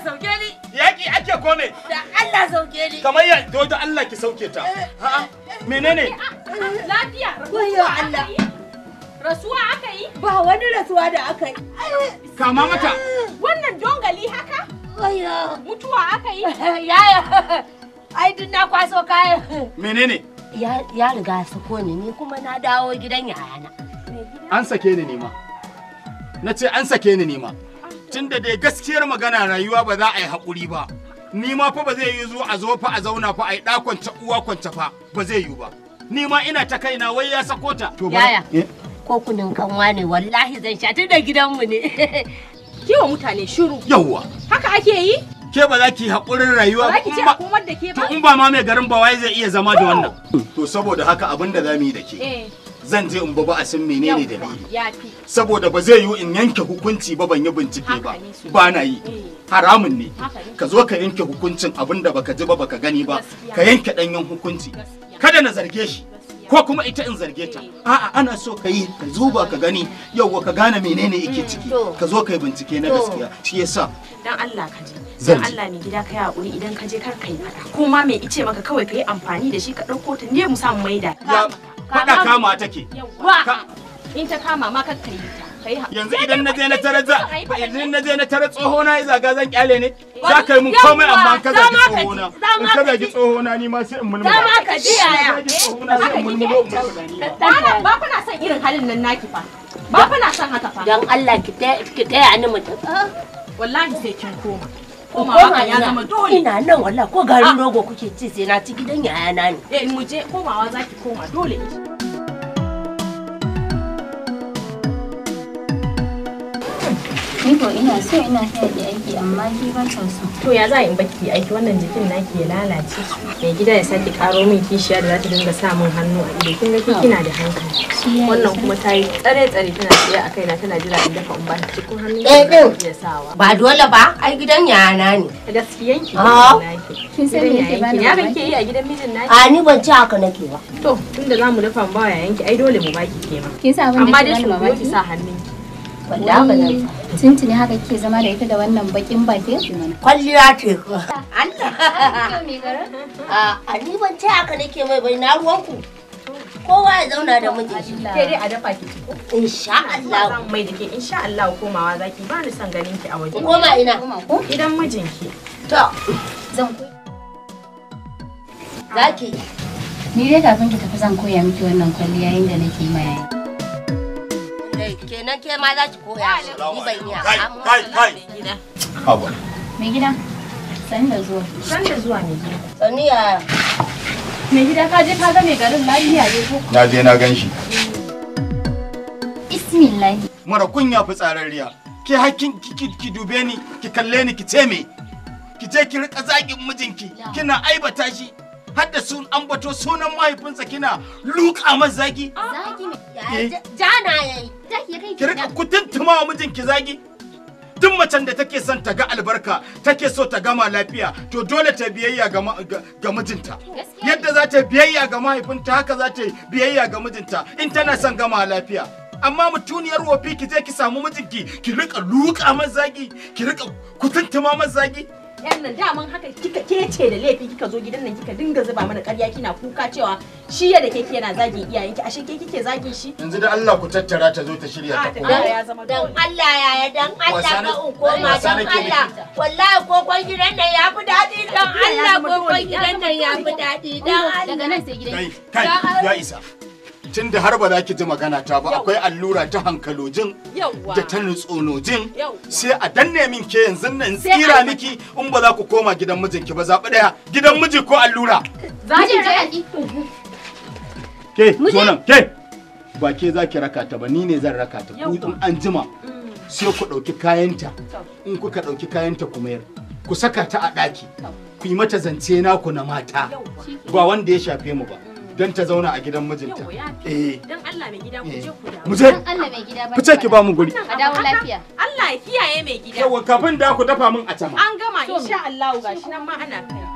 sauke ni. Yaki ake kome. Da Allah sauke ni. Kamar ya do da Allah ki sauke ta. Eh, A'a menene? Lafiya. Wayyo Allah. Rasuwa aka yi? Ba wani rasuwa da aka yi. Kama mata. Wannan dongali haka? Wayyo. Mutuwa aka yi? Yaya. Ai duk na kwaso kayan. Menene? Ya riga su ni ni kuma na dawo gidan yayana. An sake ni nima. Na ce an sake ni nima. tunda dai gaskiyar magana rayuwa ba za a yi haƙuri ba ni ma fa ba zai yi zuwa a zo fa a zauna fa a yi ɗakon uwa kwanta fa ba zai yi ba ni ma ina ta kaina wai ya sako ta yaya eh? ko kunin kanwa ne wallahi zan sha da gidanmu ne kiwa mutane shiru yawwa haka ake yi ke ba za ki yi haƙurin rayuwa ba ki ce to in ba ma mai garin ba wai zai iya zama da wannan to saboda haka abin da za mu yi da ke eh. zan je in ba a san menene dalili saboda ba zai yiwu in yanke hukunci ba ban yi bincike ba ba na yi eh. haramun ne ka zo ka yanke hukuncin abin da baka ji ba baka gani ba ka yanke danyen hukunci kada na zarge shi ko kuma ita in zarge ta eh. a'a ana so ka yi ka zuba ka gani yauwa ka gane menene mm, yake ciki ka zo ka yi bincike na gaskiya shi yasa dan Allah ka ji dan Allah ne gida ka idan ka je kar ka yi fada kuma mai ice maka kawai ka yi amfani da shi ka dauko ta ne mu samu maida faɗa kama take. In ta kama ma ka kai ta. Yanzu idan na je na tare za idan na je na tare tsoho na ya zaga zan kyale ne. Za ka yi mun komai amma ka zagi tsoho na. In ka zagi tsoho na ni ma sai in mulmula. Dama ka ji yaya. Haka eh? Ba kuna son irin halin nan naki fa. Ba kuna son haka fa. Dan Allah ki taya ni mutum. Eh? Wallahi sai kin koma. ko ma ya zama dole ina nan wallahi ko garin rogo kuke ci sai na ci gidan yayana ne eh mu je komawa zaki koma dole ina so ina so ki aiki amma ki ba son. so. To ya za in baki aiki wannan jikin na ke lalace. Mai gida ya sake karo min kishiya da za ta dinga sa min hannu a ido. Kin ga ki kina da hankali. Wannan kuma ta yi tsare tsare tana tsaye a kaina tana jira in dafa in ba ta cikin hannu. Eh din. Ya sawa. Ba dole ba ai gidan yana ne. Gaskiyan ki. Ah. Kin san me yake bani. Ya kake yi a gidan mijin naki? A ah, ni ban ci haka nake ba. To tunda zamu dafa mu ba yayanki ai dole mu baki ke ma. Kin sa abin da ke bani mamaki. Amma dai ki Wanda ba nan. Tuntuni haka ke zama da ita da wannan bakin bakin? Kwalliya ce ko. Allah. A ni ban ce haka nake mai bai na ruwanku. Kowa ya zauna da miji shi. Ke dai a dafa ki Insha Allah. Mai da insha Allah komawa zaki ba ni son ganin ki a waje. Koma ina. Gidan mijinki. To. Zan Zaki. Ni dai kafin ki tafi zan koya miki wannan kwalliya inda nake ma yayi. kenan ke ma za ki koya ni ban iya kai kai haba mai gida san da zuwa san da zuwa mai gida saniya mai gida ka je ka ga mai garin lafiya ne ko na je na gan shi bismillah mara kunya fitsararriya ke hakkin ki dube ni ki kalle ni ki ce me ki je ki rika zagin mijinki kina aibata shi har da sun ambato sunan mahaifinsa kina luka masa zagi zagi ne eh. jana ki rika kutuntuma wa mijinki zagi duk macen da take son ta ga albarka take so ta gama lafiya to dole ta biyayya ga mijinta yadda za ta biyayya ga mahaifinta haka za ta biyayya ga mijinta in tana son gama lafiya amma mutuniyar wofi ki je ki samu mijinki ki rika luka zagi. ki rika kutuntuma mazagi zagi yan nan daman haka kika kece da laifi kika zo gidan nan kika dinga zuba mana ƙarya kina kuka cewa shi ya da keke yana zagin iyayenki ashe ke kike zagin shi yanzu da Allah ku tattara ta zo ta shirya ta koma ya dan Allah ya ya dan Allah ka un koma dan Allah wallahi kokon gidan nan ya fi dadi dan Allah kokon gidan nan ya fi dadi. dan Allah daga nan sai gidan kai ya isa tun da har ba za ki ji magana ta ba akwai allura ta hankalojin da ta nutsonojin sai a danne min ke yanzu nan tsira miki in ba za ku koma gidan mijinki ba zaɓi ɗaya gidan miji ko allura za ki je ke zo nan ke ba ke za ki raka ta ba ni ne zan raka ta ku in an jima mm. sai ku ɗauki kayanta in kuka ɗauki kayanta ku mayar ku saka ta a ɗaki ku yi mata zance naku na mata ba wanda ya shafe mu ba don ta zauna a gidan mijinta. Eh. Don Allah mai gida ku eh. je ku dawo. Mu je. Don Allah mai gida ba. ki ba mu guri. A dawo lafiya. Allah ya kiyaye mai gida. Yawwa kafin da ku dafa min a cama. An gama insha Allah gashi nan ma ana kai.